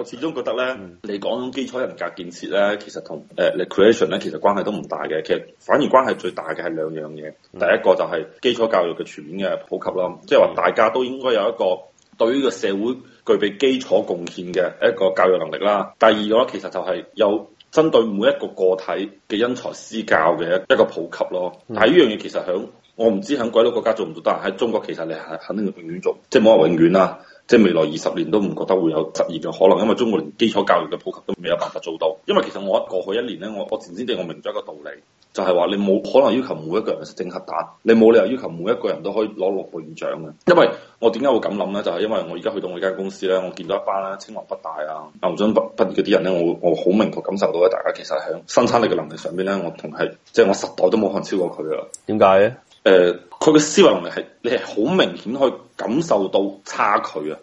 我始終覺得咧，你、嗯、講基礎人格建設咧，其實同誒 r、呃、c r e a t i o n 咧，其實關係都唔大嘅。其實反而關係最大嘅係兩樣嘢。嗯、第一個就係基礎教育嘅全面嘅普及咯，嗯、即係話大家都應該有一個對於個社會具備基礎貢獻嘅一個教育能力啦。第二個咧，其實就係有針對每一個個體嘅因材施教嘅一個普及咯。嗯、但係呢樣嘢其實響我唔知響鬼佬國家做唔做得，喺中國其實你係肯定係永遠做，即係冇話永遠啦。即係未來二十年都唔覺得會有實現嘅可能，因為中國連基礎教育嘅普及都未有辦法做到。因為其實我過去一年咧，我我前先至我明咗一個道理，就係、是、話你冇可能要求每一個人係整核彈，你冇理由要求每一個人都可以攞諾貝爾獎嘅。因為我點解會咁諗咧？就係、是、因為我而家去到我呢間公司咧，我見到一班咧清華、北大啊、牛津畢畢業嗰啲人咧，我我好明確感受到咧，大家其實喺生產力嘅能力上邊咧，我同係即係我十代都冇可能超過佢啊。點解咧？誒、呃，佢嘅思維能力係你係好明顯可以。感受到差距啊！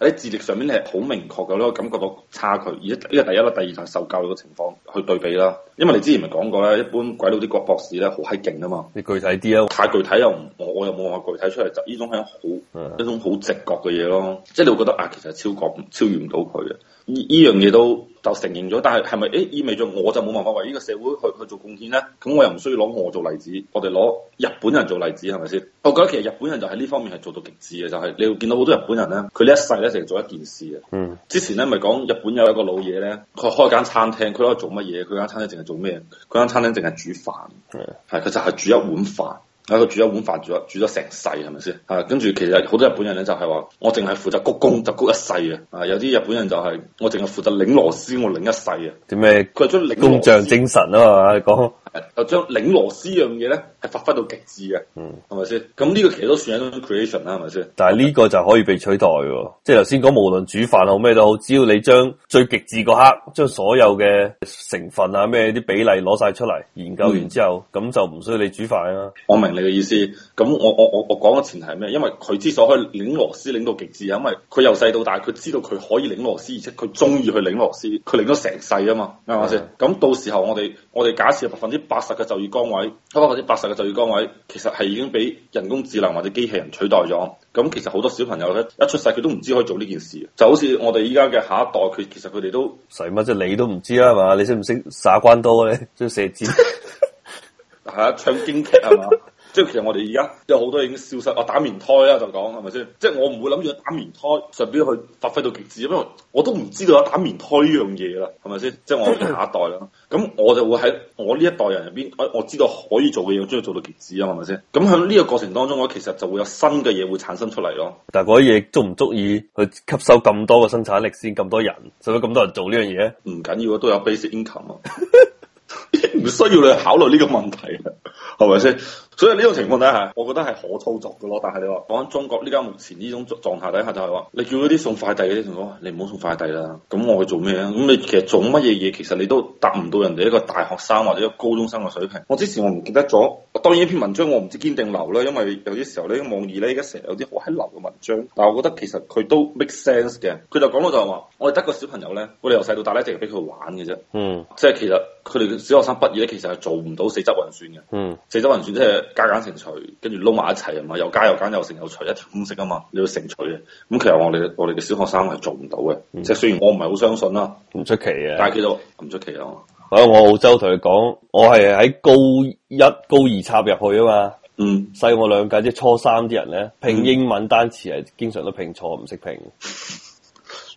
喺智、嗯、力上面，你係好明確嘅咧，感覺到差距。而且呢個第一個，第二就受教育嘅情況去對比啦。因為你之前咪講過咧，一般鬼佬啲國博士咧好閪勁啊嘛。你具體啲啊？太具體又，唔。我又冇辦法具體出嚟。就呢種係好、嗯、一種好直覺嘅嘢咯。即係你會覺得啊，其實超過超越唔到佢嘅。呢依樣嘢都就承認咗，但係係咪誒意味着我就冇辦法為呢個社會去去做貢獻咧？咁我又唔需要攞我做例子，我哋攞日本人做例子係咪先？我覺得其實日本人就喺呢方面係做到極致。就係、是、你會見到好多日本人咧，佢呢一世咧，成日做一件事啊。嗯，之前咧咪講日本有一個老嘢咧，佢開間餐廳，佢喺度做乜嘢？佢間餐廳淨係做咩？佢間餐廳淨係煮飯，係佢的就係煮一碗飯，啊，佢煮一碗飯煮咗煮咗成世係咪先？啊，跟住其實好多日本人咧就係、是、話，我淨係負責鞠躬就鞠躬一世啊。啊，有啲日本人就係我淨係負責擰螺絲，我擰一世啊。點咩麼？佢將擰工匠精神啊嘛，你講。就將擰螺絲樣嘢咧，係發揮到極致嘅，嗯，係咪先？咁呢個其實都算一種 creation 啦，係咪先？但係呢個就可以被取代喎，即係頭先講，無論煮飯好咩都好，只要你將最極致嗰刻，將所有嘅成分啊咩啲比例攞晒出嚟研究完之後，咁、嗯、就唔需要你煮飯啦。我明你嘅意思，咁我我我我講嘅前提係咩？因為佢之所以可以擰螺絲擰到極致，因為佢由細到大，佢知道佢可以擰螺絲，而且佢中意去擰螺絲，佢擰咗成世啊嘛，係咪先？咁是到時候我哋我哋假設百分之八十嘅就業崗位，多或者八十嘅就業崗位，其實係已經俾人工智能或者機器人取代咗。咁其實好多小朋友咧，一出世佢都唔知可以做呢件事。就好似我哋依家嘅下一代，佢其實佢哋都使乜啫？你都唔知啦，係嘛？你識唔識耍關刀咧？即射箭嚇， 唱京劇係嘛？ 即係其實我哋而家有好多已經消失，我、哦、打棉胎啦、啊、就講係咪先？即係我唔會諗住打棉胎，順便去發揮到極致，因為我都唔知道有打棉胎呢樣嘢啦，係咪先？即係我下一代啦。咁 我就會喺我呢一代人入邊，我知道可以做嘅嘢，我將佢做到極致啊，係咪先？咁喺呢個過程當中我其實就會有新嘅嘢會產生出嚟咯。但係嗰啲嘢足唔足以去吸收咁多嘅生產力先？咁多人使唔使咁多人做呢樣嘢？唔緊要啊，都有 basic income 啊，唔 需要你考慮呢個問題。係咪先？所以呢種情況底下，我覺得係可操作嘅咯。但係你話講喺中國而家目前呢種狀態底下、就是，就係話你叫嗰啲送快遞嘅啲同學，你唔好送快遞啦。咁我去做咩咧？咁你其實做乜嘢嘢，其實你都達唔到人哋一個大學生或者一個高中生嘅水平。我之前我唔記得咗，當然呢篇文章我唔知堅定流咧，因為有啲時候咧網易咧而家成日有啲好喺流嘅文章。但係我覺得其實佢都 make sense 嘅。佢就講到就係、是、話，我哋得個小朋友咧，我哋由細到大咧，淨係俾佢玩嘅啫。嗯，即係其實佢哋小學生畢業咧，其實係做唔到四則運算嘅。嗯。四則運算即係加減乘除，跟住撈埋一齊啊嘛！又加又減又乘又除，一條公式啊嘛！你要乘除嘅，咁其實我哋我哋嘅小學生係做唔到嘅，嗯、即係雖然我唔係好相信啦，唔出奇嘅，但係其實唔出奇啊！我喺、哎、我澳洲同佢講，我係喺高一高二插入去啊嘛，細、嗯、我兩屆即係初三啲人咧拼英文單詞係經常都拼錯，唔識拼。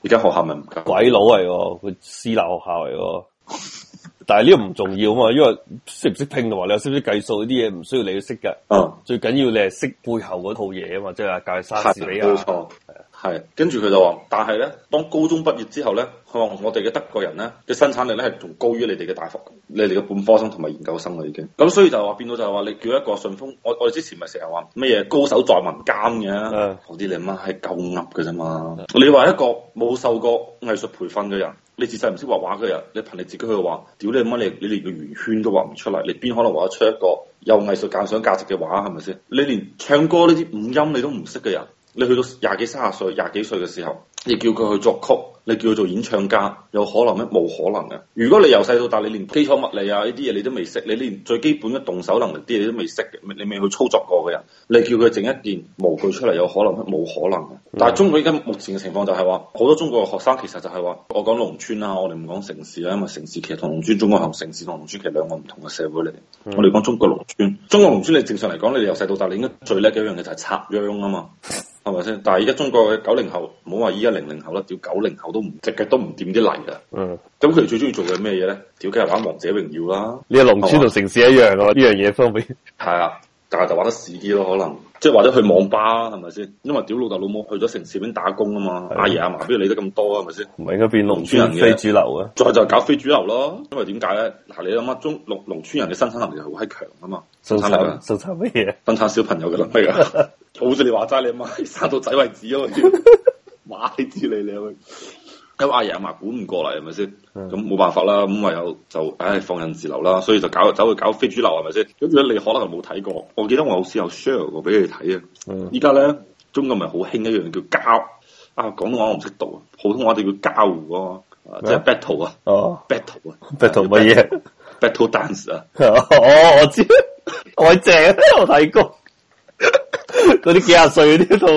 而家、嗯、 學校咪唔夠？鬼佬嚟喎，佢私立學校嚟喎。 但係呢個唔重要啊嘛，因為識唔識拼嘅話，你又識唔識計數，啲嘢唔需要你去識嘅。嗯，最緊要你係識背後嗰套嘢啊嘛，即係教佢莎士比亞嗰套。冇錯，係啊。係，跟住佢就話，但係咧，當高中畢業之後咧，佢話我哋嘅德國人咧嘅生產力咧係仲高於你哋嘅大學，你哋嘅本科生同埋研究生啦已經，咁所以就話變到就係話你叫一個順豐，我我哋之前咪成日話咩嘢高手在民間嘅，的我啲你媽係夠噏嘅啫嘛！的你話一個冇受過藝術培訓嘅人，你自細唔識畫畫嘅人，你憑你自己去話，屌你媽你你連個圓圈都畫唔出嚟，你邊可能畫得出一個有藝術鑒賞價值嘅畫？係咪先？你連唱歌呢啲五音你都唔識嘅人。你去到廿幾三十歲、廿幾歲嘅時候，你叫佢去作曲，你叫佢做演唱家，有可能咩？冇可能嘅。如果你由細到大，你連基礎物理啊呢啲嘢你都未識，你連最基本嘅動手能力啲嘢都未識嘅，你未去操作過嘅人，你叫佢整一件模具出嚟，有可能咩？冇可能嘅。但係中國而家目前嘅情況就係話，好多中國嘅學生其實就係話，我講農村啊，我哋唔講城市啊，因為城市其實同農村，中國同城市同農村其實兩個唔同嘅社會嚟。嗯、我哋講中國農村，中國農村你正常嚟講，你由細到大，你應該最叻嘅一樣嘢就係插秧啊嘛。係咪先？但係而家中國嘅九零後，唔好話依家零零後啦，屌九零後都唔，即係都唔掂啲泥噶。嗯。咁佢哋最中意做嘅咩嘢咧？屌，佢係玩王者榮耀啦。呢個農村同城市一樣啊，呢吧樣嘢方便係啊，但係就玩得屎啲咯，可能。即係或者去網吧，係咪先？因為屌老豆老母去咗城市邊打工啊嘛，的阿爺阿嫲邊度理得咁多啊？係咪先？唔係應該變農村人嘅非主流啊！再就搞非主流咯，因為點解咧？嗱、啊，你諗下中農農村人嘅生產能力係好閪強啊嘛，生產咩啊？生產咩嘢？生產小朋友嘅能力啦。 好似你話齋，你阿媽生到仔為止啊嘛。仔嚟你知阿媽，咁阿爺阿嫲管唔過嚟係咪先？咁冇、嗯、辦法啦，咁唯有就唉放任自流啦，所以就搞走去搞非主流係咪先？咁如果你可能係冇睇過，我記得我好似有 share 過俾你睇啊。依家咧，中國咪好興一樣叫交啊，廣東話我唔識讀啊，普通話我哋叫交啊，即係 battle 啊，哦，battle 啊，battle 乜嘢？battle dance 啊？ 哦，我知，我正咧，我睇過。嗰啲 幾廿歲嗰啲都，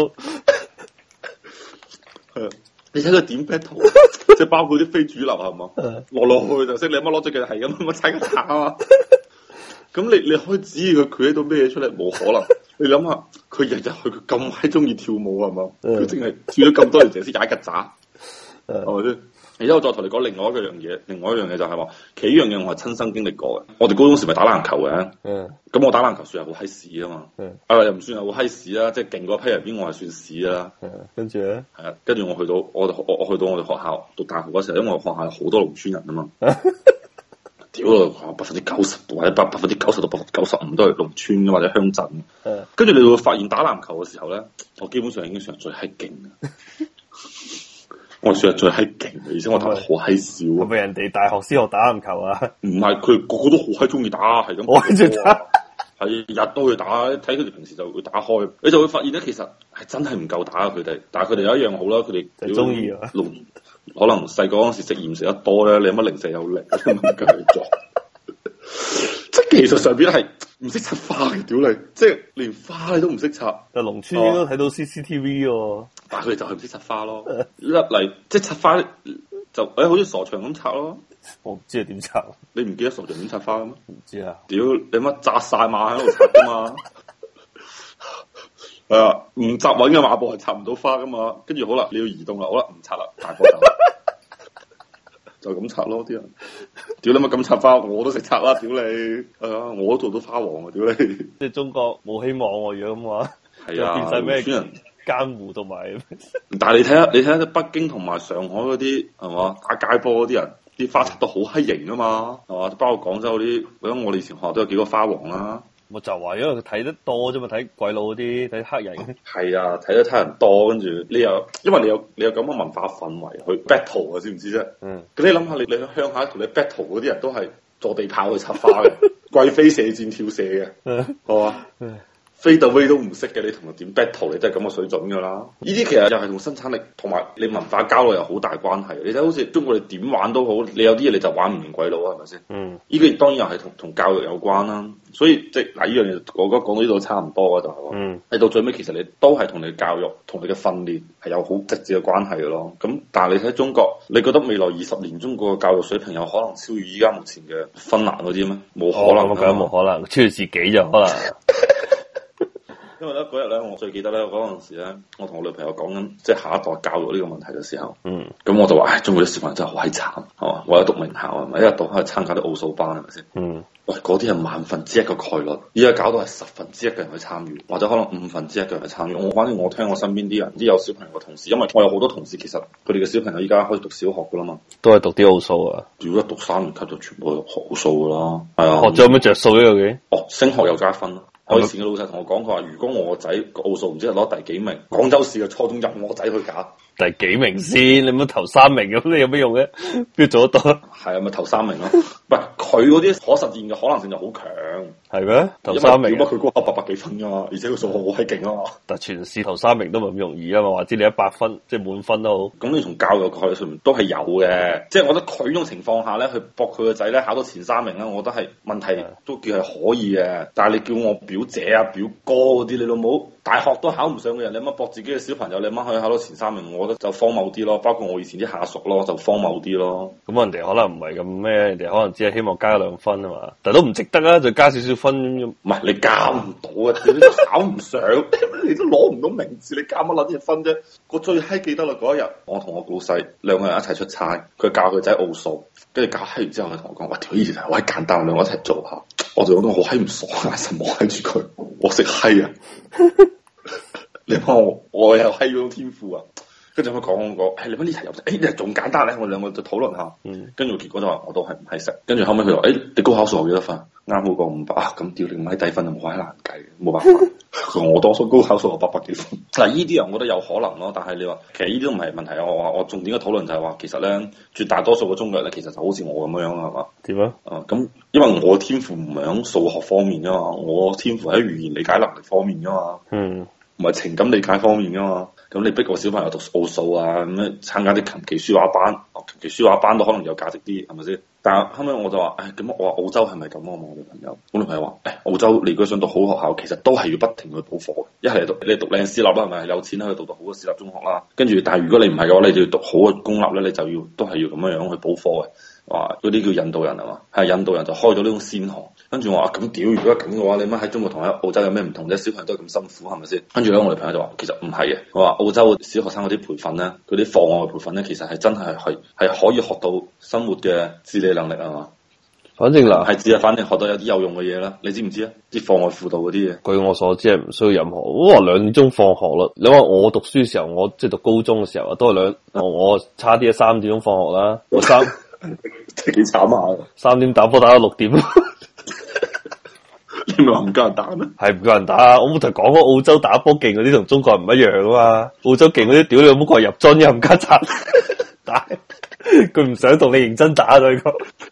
係啊！你睇佢點 battle，即係包括啲非主流係嘛？落落去就識你阿媽攞隻腳係咁，我踩個閘啊嘛！咁你你可以指佢佢喺度咩嘢出嚟？冇可能！ 你諗下，佢日日去，佢咁閪中意跳舞係嘛？佢淨係跳咗咁多年淨係識踩曱甴，係咪先？而家我再同你講另外一樣嘢，另外一、就是、樣嘢就係話，其實呢樣嘢我係親身經歷過嘅。我哋高中時咪打籃球嘅，咁 Yeah. 我打籃球算係好閪屎啊嘛，啊又唔算係好閪屎啦，即係勁嗰批入邊我係算屎啦。跟住咧，係啊，跟住我去到我我，我，我去到我哋學校讀大學嗰時候，因為我學校好多農村人啊嘛， 屌百分之九十或者百百分之九十到百分之九十五都係農村或者鄉鎮。跟住 Yeah. 你會發現打籃球嘅時候咧，我基本上已經算係最閪勁 算最我算係最閪勁嘅，而且我打得好閪少。咪人哋大學先學打籃球啊？唔係，佢個，個個都好閪中意打，係咁。我喺度打，係 日都去打。睇佢哋平時就會打開，你就會發現咧，其實係真係唔夠打啊！佢哋，但係佢哋有一樣好啦，佢哋中意。啊。可能細個嗰時食鹽食得多咧，你乜零食有力咁樣繼續？ 即係技術上邊係。唔識插花嘅，屌你，即係連花你都唔識插。但係農農村應該睇到 CCTV 喎、啊，但係佢就係唔識插花咯。 一嚟，即係插花就誒、哎，好似傻長咁插咯。我唔知係點插，你唔記得傻長點插花咩？唔知啊。屌你媽扎晒馬喺度插噶嘛？係 啊，唔扎穩嘅馬步係插唔到花噶嘛。跟住好啦，你要移動啦，好啦，唔插啦，大哥走。 就咁插咯，啲人屌你咪咁插花，我都食插啦，屌你，係啊，我都做到花王啊，屌你！即係中國冇希望喎、啊，如果咁話，係啊，變晒咩村人監護同埋。 但係你睇下，你睇下北京同埋上海嗰啲係嘛打街波嗰啲人，啲花插到好閪型啊嘛，係嘛？包括廣州嗰啲，我諗我哋以前學校都有幾個花王啦、啊。 我就話，因為佢睇得多啫嘛，睇鬼佬啲，睇黑人。係啊，睇得黑人多，跟住你又，因為你有你有咁嘅文化氛圍去 battle 啊，知唔知啫？嗯。咁你諗下，你鄉下你喺鄉下同你 battle 嗰啲人都係坐地炮去插花嘅，貴 妃射箭跳射嘅，好啊？Fade away 都唔識嘅，你同佢點 battle，你都係咁嘅水準㗎啦。呢啲其實又係同生產力同埋你文化交流有好大關係。你睇好似中國你點玩都好，你有啲嘢你就玩唔明鬼佬，係咪先？嗯，依啲當然又係同同教育有關啦。所以即係嗱，依樣嘢我覺得講到呢度差唔多啦，就係、是、喎。嗯，係到最尾其實你都係同你教育同你嘅訓練係有好直接嘅關係嘅咯。咁但係你睇中國，你覺得未來二十年中國嘅教育水平有可能超越依家目前嘅芬蘭嗰啲咩？冇可能㗎，冇、哦、可能超越自己就可能。 因為咧，嗰日咧，我最記得咧，嗰陣時咧，我同我女朋友講緊即係下一代教育呢個問題嘅時候，嗯，咁我就話：唉，中國啲小朋友真係好閪慘，係嘛，我喺讀名校啊，咪一日到黑去參加啲奧數班，係咪先？嗯，喂、哎，嗰啲係萬分之一嘅概率，而家搞到係十分之一嘅人去參與，或者可能五分之一嘅人去參與。我、嗯、反正我聽我身邊啲人，啲有小朋友嘅同事，因為我有好多同事，其實佢哋嘅小朋友依家開始讀小學噶啦嘛，都係讀啲奧數啊，如果一讀三年級就全部讀奧數啦，係啊，學咗有咩着數呢？個嘅，哦，升學又加一分。以前嘅老細同我講，佢話：如果我個仔奧數唔知係攞第幾名，廣州市嘅初中任我個仔去揀。第幾名先？你唔好頭三名咁，你有咩用咧？邊 做得多？係啊，咪、就、頭、是、三名咯。唔係佢嗰啲可實現嘅可能性就好強，係咩？頭三名點解佢高考八百幾分噶嘛？而且佢數學好閪勁啊嘛！ 但全市頭三名都唔係咁容易啊嘛，話知你一百分即係滿分都好。咁你從教育角度上面都係有嘅，即、就、係、是、我覺得佢嗰種情況下咧，去搏佢個仔咧考到前三名咧，我覺得係問題都叫係可以嘅。的但係你叫我表姐啊表哥嗰啲，你老母。大學都考唔上嘅人，你乜搏自己嘅小朋友，你乜可以考到前三名我？我覺得就荒謬啲咯，包括我以前啲下屬咯，就荒謬啲咯。咁人哋可能唔係咁咩，人哋可能只係希望加兩分啊嘛。但都唔值得啊，就加少少分。唔係 你加唔到嘅，你都考唔上， 你都攞唔到名字。你加乜撚啲分啫？我最閪記得啦，嗰一日我同我老細兩個人一齊出差，佢教佢仔奧數，跟住教閪完之後佢同我講：，喂，條嘢嚟，好閪簡單，兩個一齊做下。我就覺得我閪唔爽，我望住佢，我識閪啊！ 你話我我又係用天賦啊？跟住佢屘講講，誒、哎，你乜呢題又誒，仲、哎、簡單咧？我兩個就討論下，跟住、嗯、結果就話我都係唔係識。跟住後尾佢話，誒、哎，你高考數學幾多分？啱好過五百啊，咁掉定咪低分就冇可難計嘅，冇辦法。 我多數高考數學八百,百幾分，嗱，呢啲人我覺得有可能咯、啊。但係你話，其實呢啲都唔係問題啊。我我重點嘅討論就係話，其實咧，絕大多數嘅中國人咧，其實就好似我咁樣樣，係嘛？點啊、嗯？啊、嗯，咁因為我天賦唔係喺數學方面啊嘛，我天賦喺語言理解能力方面啊嘛。嗯。唔係情感理解方面噶嘛，咁你逼個小朋友讀奧數啊，咁樣參加啲琴棋書畫班，琴棋書畫班都可能有價值啲，係咪先？但後尾我就話，誒、哎、咁我話澳洲係咪咁啊？我嘅朋友，我女朋友話，誒、哎、澳洲你如果想讀好學校，其實都係要不停去補課，一係讀你讀靚私立啦，係咪有錢可以讀到好嘅私立中學啦？跟住，但係如果你唔係嘅話，你就要讀好嘅公立咧，你就要都係要咁樣樣去補課嘅。話嗰啲叫印度人啊嘛，係印度人就開咗呢種先河，跟住我話咁屌，如果咁嘅話，你咪喺中國同喺澳洲有咩唔同啫？小朋友都係咁辛苦，係咪先？跟住咧，我哋朋友就話，其實唔係嘅。佢話澳洲小學生嗰啲培訓咧，嗰啲課外培訓咧，其實係真係係係可以學到生活嘅自理能力啊嘛。反正嗱，係只係反正學到有啲有用嘅嘢啦。你知唔知啊？啲課外輔導嗰啲嘢，據我所知係唔需要任何。哇，兩點鐘放學咯。你話我讀書嘅時候，我即係讀高中嘅時候啊，都係兩、嗯哦、我差啲係三點鐘放學啦，我三。 幾慘啊，三點打波打到六點。 你咪話唔夠人打咩？係唔夠人打？我冇同講過澳洲打波勁嗰啲同中國人唔一樣啊嘛！澳洲勁嗰啲屌你老母，過去入樽又唔加閘，但係佢唔想同你認真打，對